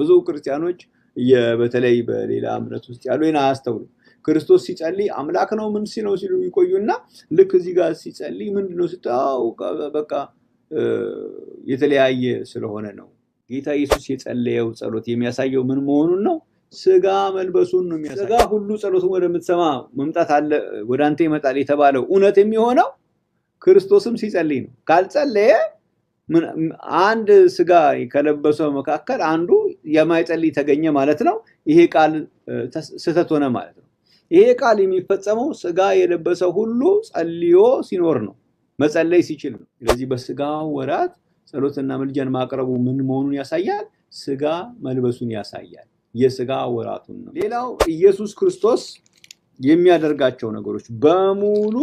ብዙ ክርስቲያኖች በተለይ በሌላ እምነት ውስጥ ያሉ ይህን አያስተውሉ። ክርስቶስ ሲጸልይ አምላክ ነው ምን ሲለው ሲሉ ይቆዩና ልክ እዚህ ጋር ሲጸልይ ምንድን ነው ስታው በቃ የተለያየ ስለሆነ ነው። ጌታ ኢየሱስ የጸለየው ጸሎት የሚያሳየው ምን መሆኑን ነው? ስጋ መልበሱን ነው የሚያሳየው። ስጋ ሁሉ ጸሎቱን ወደምትሰማ መምጣት አለ ወደ አንተ ይመጣል የተባለው እውነት የሚሆነው ክርስቶስም ሲጸልይ ነው። ካልጸለየ አንድ ስጋ ከለበሰው መካከል አንዱ የማይጸልይ ተገኘ ማለት ነው። ይሄ ቃል ስህተት ሆነ ማለት ነው። ይሄ ቃል የሚፈጸመው ስጋ የለበሰ ሁሉ ጸልዮ ሲኖር ነው፣ መጸለይ ሲችል ነው። ስለዚህ በስጋ ወራት ጸሎትና ምልጃን ማቅረቡ ምን መሆኑን ያሳያል፣ ስጋ መልበሱን ያሳያል። የስጋ ወራቱን ነው። ሌላው ኢየሱስ ክርስቶስ የሚያደርጋቸው ነገሮች በሙሉ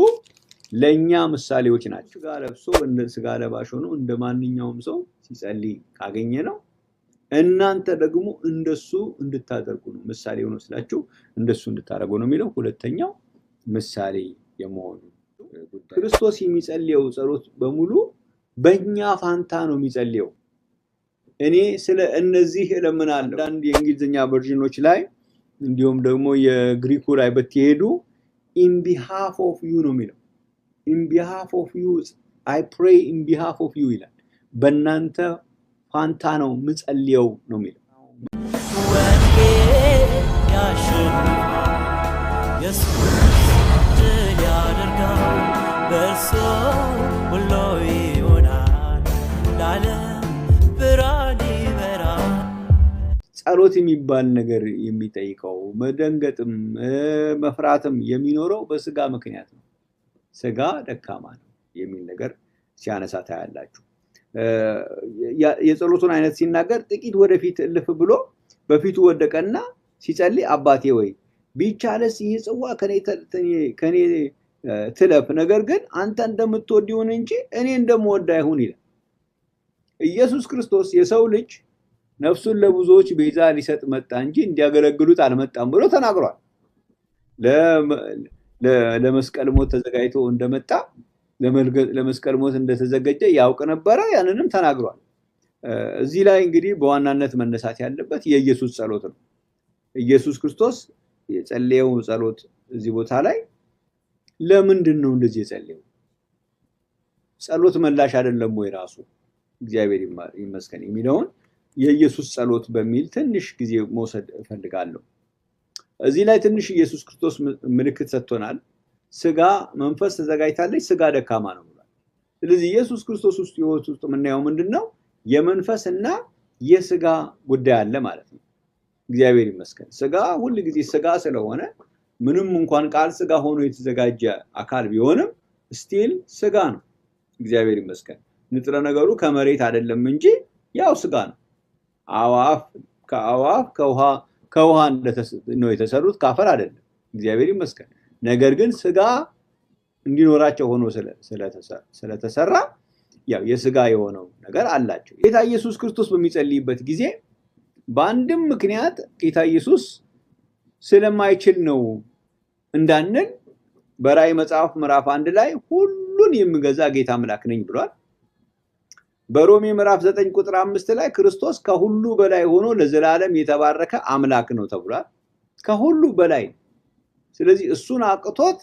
ለእኛ ምሳሌዎች ናቸው። ስጋ ለብሶ ስጋ ለባሽ ሆኖ እንደ ማንኛውም ሰው ሲጸልይ ካገኘ ነው። እናንተ ደግሞ እንደሱ እንድታደርጉ ነው ምሳሌ ሆኖ ስላችሁ እንደሱ እንድታደርጉ ነው የሚለው ሁለተኛው ምሳሌ የመሆኑ ክርስቶስ የሚጸልየው ጸሎት በሙሉ በእኛ ፋንታ ነው የሚጸልየው። እኔ ስለ እነዚህ እለምናለሁ። አንዳንድ የእንግሊዝኛ ቨርዥኖች ላይ እንዲሁም ደግሞ የግሪኩ ላይ ብትሄዱ ኢንቢሃፍ ኦፍ ዩ ነው የሚለው ኢን ቢሃፍ ኦፍ ዩ አይ ፕሬይ ኢን ኦፍ ዩ ይላል። በእናንተ ፋንታ ነው ምጸልየው ነው የሚለው ጸሎት የሚባል ነገር የሚጠይቀው መደንገጥም መፍራትም የሚኖረው በስጋ ምክንያት ነው። ስጋ ደካማ ነው የሚል ነገር ሲያነሳ ታያላችሁ። የጸሎቱን አይነት ሲናገር ጥቂት ወደፊት እልፍ ብሎ በፊቱ ወደቀና ሲጸልይ አባቴ ወይ ቢቻለስ ይህ ጽዋ ከኔ ትለፍ፣ ነገር ግን አንተ እንደምትወድ ይሁን እንጂ እኔ እንደምወድ አይሁን ይላል። ኢየሱስ ክርስቶስ የሰው ልጅ ነፍሱን ለብዙዎች ቤዛ ሊሰጥ መጣ እንጂ እንዲያገለግሉት አልመጣም ብሎ ተናግሯል። ለመስቀል ሞት ተዘጋጅቶ እንደመጣ ለመስቀል ሞት እንደተዘጋጀ ያውቅ ነበረ። ያንንም ተናግሯል። እዚህ ላይ እንግዲህ በዋናነት መነሳት ያለበት የኢየሱስ ጸሎት ነው። ኢየሱስ ክርስቶስ የጸለየው ጸሎት እዚህ ቦታ ላይ ለምንድን ነው እንደዚህ የጸለየው? ጸሎት መላሽ አይደለም ወይ ራሱ እግዚአብሔር ይመስገን የሚለውን የኢየሱስ ጸሎት በሚል ትንሽ ጊዜ መውሰድ እፈልጋለሁ። እዚህ ላይ ትንሽ ኢየሱስ ክርስቶስ ምልክት ሰጥቶናል። ስጋ መንፈስ ተዘጋጅታለች፣ ስጋ ደካማ ነው ብሏል። ስለዚህ ኢየሱስ ክርስቶስ ውስጥ ህይወት ውስጥ የምናየው ምንድን ነው? የመንፈስ እና የስጋ ጉዳይ አለ ማለት ነው። እግዚአብሔር ይመስገን። ስጋ ሁል ጊዜ ስጋ ስለሆነ ምንም እንኳን ቃል ስጋ ሆኖ የተዘጋጀ አካል ቢሆንም ስቲል ስጋ ነው። እግዚአብሔር ይመስገን። ንጥረ ነገሩ ከመሬት አይደለም እንጂ ያው ስጋ ነው። አዋፍ ከአዋፍ ከውሃ ከውሃ ነው የተሰሩት፣ ከአፈር አይደለም። እግዚአብሔር ይመስገን። ነገር ግን ስጋ እንዲኖራቸው ሆኖ ስለተሰራ ያው የስጋ የሆነው ነገር አላቸው። ጌታ ኢየሱስ ክርስቶስ በሚጸልይበት ጊዜ በአንድም ምክንያት ጌታ ኢየሱስ ስለማይችል ነው እንዳንል በራእይ መጽሐፍ ምዕራፍ አንድ ላይ ሁሉን የሚገዛ ጌታ አምላክ ነኝ ብሏል። በሮሜ ምዕራፍ ዘጠኝ ቁጥር አምስት ላይ ክርስቶስ ከሁሉ በላይ ሆኖ ለዘላለም የተባረከ አምላክ ነው ተብሏል። ከሁሉ በላይ ስለዚህ እሱን አቅቶት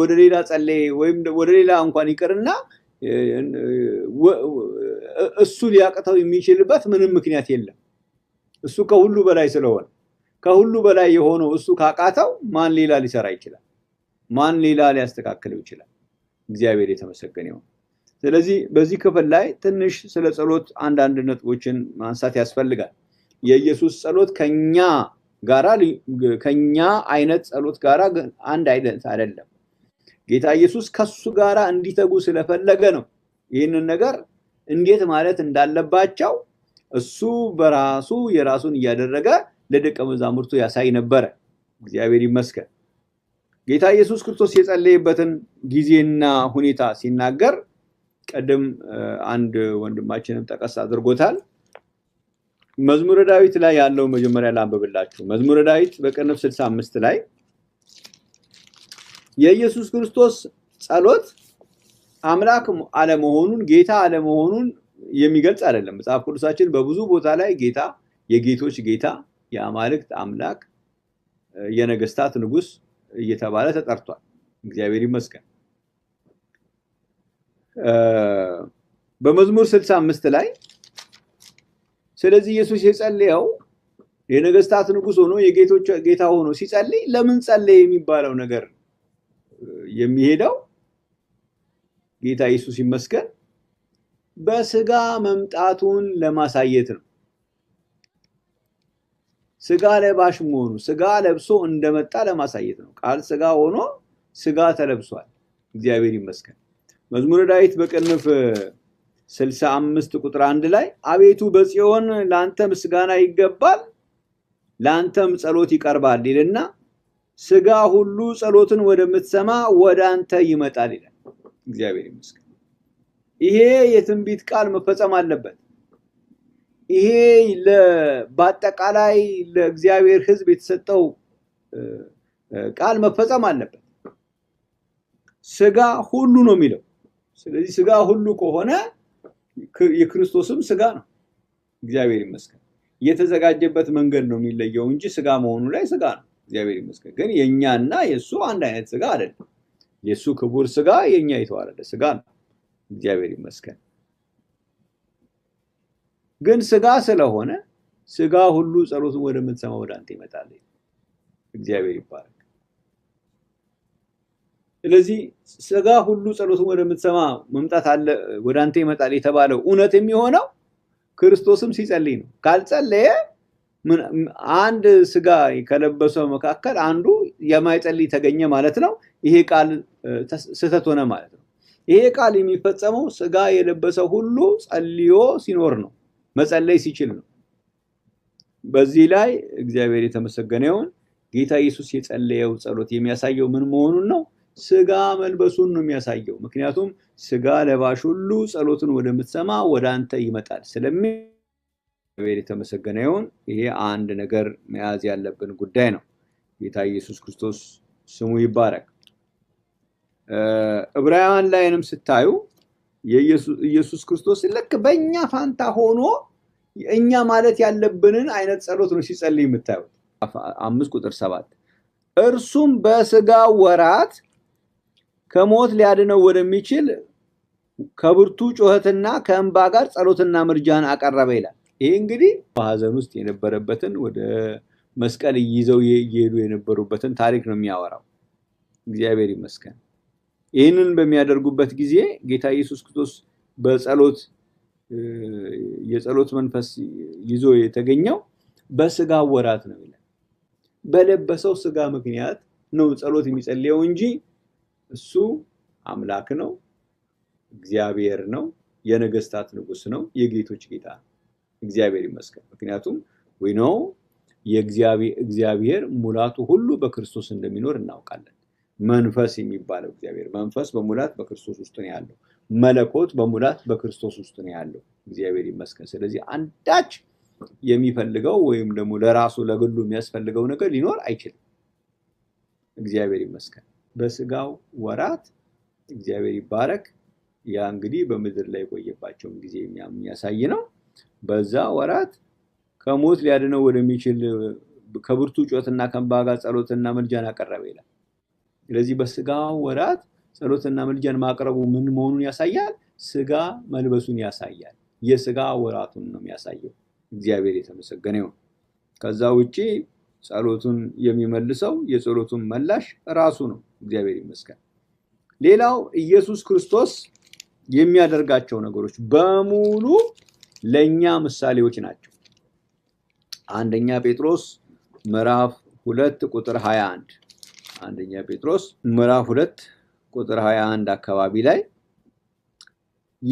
ወደ ሌላ ጸለይ ወይም ወደ ሌላ እንኳን ይቅርና እሱ ሊያቅተው የሚችልበት ምንም ምክንያት የለም። እሱ ከሁሉ በላይ ስለሆነ ከሁሉ በላይ የሆነው እሱ ካቃተው ማን ሌላ ሊሰራ ይችላል? ማን ሌላ ሊያስተካክለው ይችላል? እግዚአብሔር የተመሰገነ ይሁን። ስለዚህ በዚህ ክፍል ላይ ትንሽ ስለ ጸሎት አንዳንድ ነጥቦችን ማንሳት ያስፈልጋል። የኢየሱስ ጸሎት ከኛ ጋራ ከኛ አይነት ጸሎት ጋራ አንድ አይነት አይደለም። ጌታ ኢየሱስ ከሱ ጋራ እንዲተጉ ስለፈለገ ነው ይህንን ነገር እንዴት ማለት እንዳለባቸው እሱ በራሱ የራሱን እያደረገ ለደቀ መዛሙርቱ ያሳይ ነበረ። እግዚአብሔር ይመስገን። ጌታ ኢየሱስ ክርስቶስ የጸለየበትን ጊዜና ሁኔታ ሲናገር ቀደም አንድ ወንድማችንም ጠቀስ አድርጎታል። መዝሙረ ዳዊት ላይ ያለው መጀመሪያ ላንብብላችሁ። መዝሙረ ዳዊት በቅንፍ 65 ላይ የኢየሱስ ክርስቶስ ጸሎት አምላክ አለመሆኑን ጌታ አለመሆኑን የሚገልጽ አይደለም። መጽሐፍ ቅዱሳችን በብዙ ቦታ ላይ ጌታ የጌቶች ጌታ፣ የአማልክት አምላክ፣ የነገስታት ንጉስ እየተባለ ተጠርቷል። እግዚአብሔር ይመስገን። በመዝሙር 65 ላይ ስለዚህ ኢየሱስ የጸለየው የነገስታት ንጉስ ሆኖ የጌቶች ጌታ ሆኖ ሲጸልይ ለምን ጸለየ የሚባለው ነገር የሚሄደው ጌታ ኢየሱስ ይመስገን በስጋ መምጣቱን ለማሳየት ነው። ስጋ ለባሽ መሆኑ ስጋ ለብሶ እንደመጣ ለማሳየት ነው። ቃል ስጋ ሆኖ ስጋ ተለብሷል። እግዚአብሔር ይመስገን። መዝሙረ ዳዊት በቅንፍ 65 ቁጥር አንድ ላይ አቤቱ በጽዮን ለአንተ ምስጋና ይገባል ለአንተም ጸሎት ይቀርባል ይልና ስጋ ሁሉ ጸሎትን ወደምትሰማ ወደ አንተ ይመጣል ይላል። እግዚአብሔር ይመስገን። ይሄ የትንቢት ቃል መፈጸም አለበት። ይሄ በአጠቃላይ ለእግዚአብሔር ህዝብ የተሰጠው ቃል መፈጸም አለበት። ስጋ ሁሉ ነው የሚለው ስለዚህ ስጋ ሁሉ ከሆነ የክርስቶስም ስጋ ነው። እግዚአብሔር ይመስገን። የተዘጋጀበት መንገድ ነው የሚለየው እንጂ ስጋ መሆኑ ላይ ስጋ ነው። እግዚአብሔር ይመስገን። ግን የእኛና የእሱ አንድ አይነት ስጋ አይደለም። የእሱ ክቡር ስጋ የእኛ የተዋረደ ስጋ ነው። እግዚአብሔር ይመስገን። ግን ስጋ ስለሆነ ስጋ ሁሉ ጸሎትን ወደምትሰማ ወደ አንተ ይመጣል። እግዚአብሔር ይባላል። ስለዚህ ስጋ ሁሉ ጸሎትን ወደምትሰማ መምጣት አለ ወደ አንተ ይመጣል የተባለው እውነት የሚሆነው ክርስቶስም ሲጸልይ ነው። ካልጸለየ አንድ ስጋ ከለበሰ መካከል አንዱ የማይጸልይ ተገኘ ማለት ነው። ይሄ ቃል ስህተት ሆነ ማለት ነው። ይሄ ቃል የሚፈጸመው ስጋ የለበሰ ሁሉ ጸልዮ ሲኖር ነው፣ መጸለይ ሲችል ነው። በዚህ ላይ እግዚአብሔር የተመሰገነ ይሁን። ጌታ ኢየሱስ የጸለየው ጸሎት የሚያሳየው ምን መሆኑን ነው ስጋ መልበሱን ነው የሚያሳየው። ምክንያቱም ስጋ ለባሽ ሁሉ ጸሎትን ወደምትሰማ ወደ አንተ ይመጣል ስለሚ የተመሰገነ ይሁን። ይሄ አንድ ነገር መያዝ ያለብን ጉዳይ ነው። ጌታ ኢየሱስ ክርስቶስ ስሙ ይባረክ። ዕብራውያን ላይንም ስታዩ ኢየሱስ ክርስቶስ ልክ በእኛ ፋንታ ሆኖ እኛ ማለት ያለብንን አይነት ጸሎት ነው ሲጸልይ የምታዩት። አምስት ቁጥር ሰባት እርሱም በስጋ ወራት ከሞት ሊያድነው ወደሚችል ከብርቱ ጩኸትና ከእንባ ጋር ጸሎትና ምርጃን አቀረበ ይላል። ይሄ እንግዲህ በሀዘን ውስጥ የነበረበትን ወደ መስቀል ይዘው እየሄዱ የነበሩበትን ታሪክ ነው የሚያወራው። እግዚአብሔር ይመስገን። ይህንን በሚያደርጉበት ጊዜ ጌታ ኢየሱስ ክርስቶስ በጸሎት የጸሎት መንፈስ ይዞ የተገኘው በስጋ ወራት ነው ይላል። በለበሰው ስጋ ምክንያት ነው ጸሎት የሚጸልየው እንጂ እሱ አምላክ ነው፣ እግዚአብሔር ነው፣ የነገስታት ንጉስ ነው፣ የጌቶች ጌታ እግዚአብሔር ይመስገን። ምክንያቱም ወይኖ የእግዚአብሔር ሙላቱ ሁሉ በክርስቶስ እንደሚኖር እናውቃለን። መንፈስ የሚባለው እግዚአብሔር መንፈስ በሙላት በክርስቶስ ውስጥ ነው ያለው። መለኮት በሙላት በክርስቶስ ውስጥ ነው ያለው። እግዚአብሔር ይመስገን። ስለዚህ አንዳች የሚፈልገው ወይም ደግሞ ለራሱ ለግሉ የሚያስፈልገው ነገር ሊኖር አይችልም። እግዚአብሔር ይመስገን። በስጋው ወራት እግዚአብሔር ይባረክ። ያ እንግዲህ በምድር ላይ የቆየባቸውን ጊዜ የሚያሳይ ነው። በዛ ወራት ከሞት ሊያድነው ወደሚችል ከብርቱ ጮትና ከእንባ ጋር ጸሎትና ምልጃን አቀረበ ይላል። ስለዚህ በስጋው ወራት ጸሎትና ምልጃን ማቅረቡ ምን መሆኑን ያሳያል። ስጋ መልበሱን ያሳያል። የስጋ ወራቱን ነው የሚያሳየው። እግዚአብሔር የተመሰገነ ይሁን። ከዛ ውጪ ጸሎቱን የሚመልሰው የጸሎቱን መላሽ ራሱ ነው። እግዚአብሔር ይመስገን። ሌላው ኢየሱስ ክርስቶስ የሚያደርጋቸው ነገሮች በሙሉ ለእኛ ምሳሌዎች ናቸው። አንደኛ ጴጥሮስ ምዕራፍ ሁለት ቁጥር 21 አንደኛ ጴጥሮስ ምዕራፍ ሁለት ቁጥር 21 አካባቢ ላይ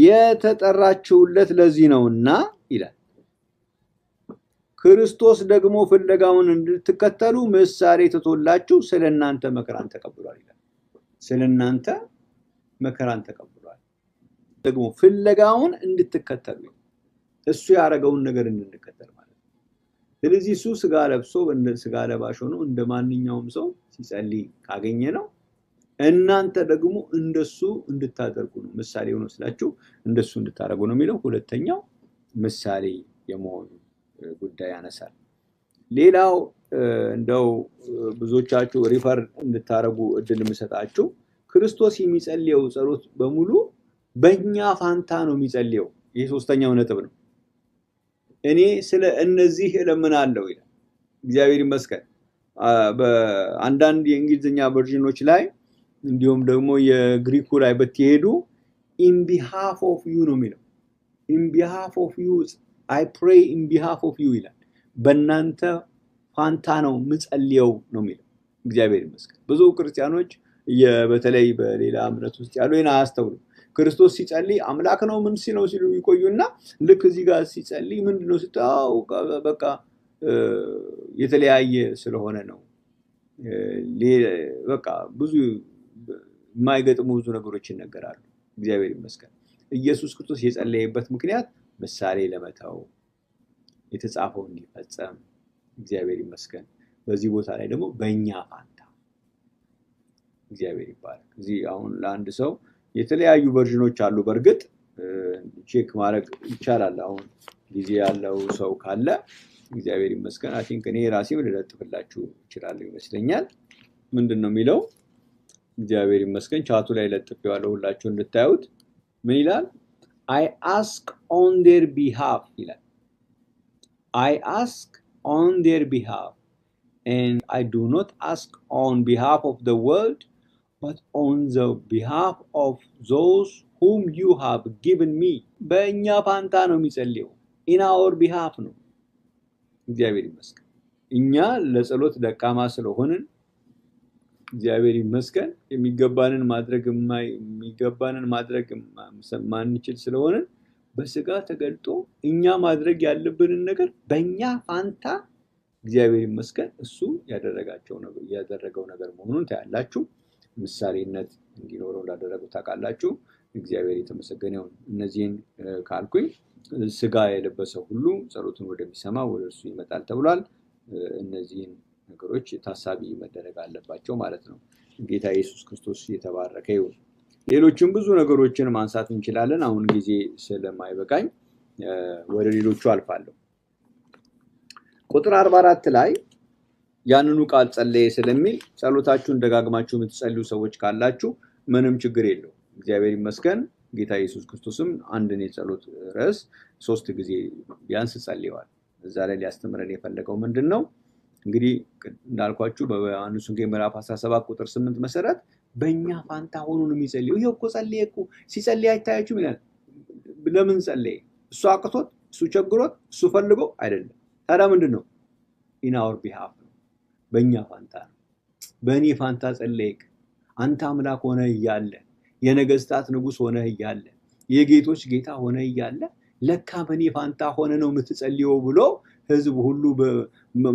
የተጠራችሁለት ለዚህ ነውና ይላል ክርስቶስ ደግሞ ፍለጋውን እንድትከተሉ ምሳሌ ትቶላችሁ ስለ እናንተ መከራን ተቀብሏል ይላል። ስለ እናንተ መከራን ተቀብሏል፣ ደግሞ ፍለጋውን እንድትከተሉ እሱ ያደረገውን ነገር እንድንከተል ማለት ነው። ስለዚህ እሱ ስጋ ለብሶ ስጋ ለባሽ ሆኖ እንደ ማንኛውም ሰው ሲጸልይ ካገኘ ነው። እናንተ ደግሞ እንደሱ እንድታደርጉ ነው ምሳሌ ሆኖ ስላችሁ እንደሱ እንድታደርጉ ነው የሚለው ሁለተኛው ምሳሌ የመሆኑ ጉዳይ ያነሳል። ሌላው እንደው ብዙዎቻችሁ ሪፈር እንድታደረጉ እድል የምሰጣችሁ ክርስቶስ የሚጸልየው ጸሎት በሙሉ በእኛ ፋንታ ነው የሚጸልየው። ይህ ሶስተኛው ነጥብ ነው። እኔ ስለ እነዚህ እለምናለሁ ይላል። እግዚአብሔር ይመስገን። በአንዳንድ የእንግሊዝኛ ቨርዥኖች ላይ እንዲሁም ደግሞ የግሪኩ ላይ ብትሄዱ ኢንቢሃፍ ኦፍ ዩ ነው የሚለው ኢንቢሃፍ ኦፍ ዩ አይ ፕሬይ ኢን ቢሃፍ ኦፍ ዩ ይላል። በእናንተ ፋንታ ነው ምጸልየው ነው የሚለው። እግዚአብሔር ይመስገን። ብዙ ክርስቲያኖች በተለይ በሌላ እምነት ውስጥ ያሉ ይህን አያስተውሉ። ክርስቶስ ሲጸልይ አምላክ ነው ምን ሲለው ሲሉ ይቆዩና ልክ እዚህ ጋር ሲጸልይ ምንድነው ስታው በቃ የተለያየ ስለሆነ ነው። በቃ ብዙ የማይገጥሙ ብዙ ነገሮች ይነገራሉ። እግዚአብሔር ይመስገን። ኢየሱስ ክርስቶስ የጸለየበት ምክንያት ምሳሌ ለመተው የተጻፈው እንዲፈጸም እግዚአብሔር ይመስገን። በዚህ ቦታ ላይ ደግሞ በእኛ ፋንታ እግዚአብሔር ይባላል። እዚህ አሁን ለአንድ ሰው የተለያዩ ቨርዥኖች አሉ። በእርግጥ ቼክ ማድረግ ይቻላል። አሁን ጊዜ ያለው ሰው ካለ እግዚአብሔር ይመስገን። አን እኔ ራሴም ልለጥፍላችሁ ይችላለሁ ይመስለኛል። ምንድን ነው የሚለው? እግዚአብሔር ይመስገን። ቻቱ ላይ ለጥፍ ለጥፌዋለሁ ሁላችሁ እንድታዩት። ምን ይላል? I ask on their behalf I ask on their behalf and I do not ask on behalf of the world but on the behalf of those whom you have given me በእኛ ፋንታ ነው የሚጸልየው in our behalf ነው እግዚአብሔር ይመስገን እኛ ለጸሎት ደካማ ስለሆንን እግዚአብሔር ይመስገን የሚገባንን ማድረግ የሚገባንን ማድረግ ማንችል ስለሆነ በስጋ ተገልጦ እኛ ማድረግ ያለብንን ነገር በእኛ ፋንታ እግዚአብሔር ይመስገን እሱ ያደረጋቸው ያደረገው ነገር መሆኑን ታያላችሁ። ምሳሌነት እንዲኖረው እንዳደረገው ታውቃላችሁ። እግዚአብሔር የተመሰገነውን እነዚህን ካልኩኝ ስጋ የለበሰ ሁሉ ጸሎቱን ወደሚሰማ ወደ እርሱ ይመጣል ተብሏል። እነዚህን ነገሮች ታሳቢ መደረግ አለባቸው ማለት ነው። ጌታ ኢየሱስ ክርስቶስ የተባረከ ይሁን። ሌሎችም ብዙ ነገሮችን ማንሳት እንችላለን። አሁን ጊዜ ስለማይበቃኝ ወደ ሌሎቹ አልፋለሁ። ቁጥር አርባ አራት ላይ ያንኑ ቃል ጸለየ ስለሚል ጸሎታችሁን ደጋግማችሁ የምትጸልዩ ሰዎች ካላችሁ ምንም ችግር የለው። እግዚአብሔር ይመስገን። ጌታ ኢየሱስ ክርስቶስም አንድን የጸሎት ርዕስ ሶስት ጊዜ ቢያንስ ጸልየዋል። እዛ ላይ ሊያስተምረን የፈለገው ምንድን ነው? እንግዲህ እንዳልኳችሁ በዮሐንስ ወንጌል ምዕራፍ 17 ቁጥር 8 መሰረት በእኛ ፋንታ ሆኖ ነው የሚጸልየው። ይሄ እኮ ጸልየ እኮ ሲጸልይ አይታያችሁም ይላል። ለምን ጸለየ? እሱ አቅቶት፣ እሱ ቸግሮት፣ እሱ ፈልጎ አይደለም። ታዲያ ምንድን ነው? ኢናወር ቢሃፍ ነው፣ በእኛ ፋንታ ነው። በእኔ ፋንታ ጸለይክ። አንተ አምላክ ሆነ እያለ የነገስታት ንጉስ ሆነ እያለ የጌቶች ጌታ ሆነ እያለ ለካ በእኔ ፋንታ ሆነ ነው የምትጸልየው ብሎ ህዝብ ሁሉ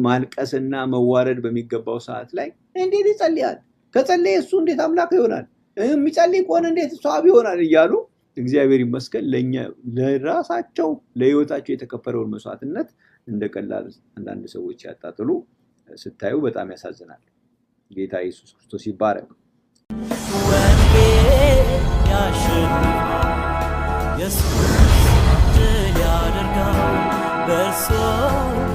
ማልቀስና መዋረድ በሚገባው ሰዓት ላይ እንዴት ይጸልያል? ከጸለየ እሱ እንዴት አምላክ ይሆናል? የሚጸልይ ከሆነ እንዴት ሰዋብ ይሆናል? እያሉ እግዚአብሔር ይመስገን ለእኛ ለራሳቸው ለህይወታቸው የተከፈለውን መስዋዕትነት እንደ ቀላል አንዳንድ ሰዎች ያጣጥሉ ስታዩ በጣም ያሳዝናል። ጌታ ኢየሱስ ክርስቶስ ይባረክ። ኢየሱስ ድል ያደርጋል በእርሱ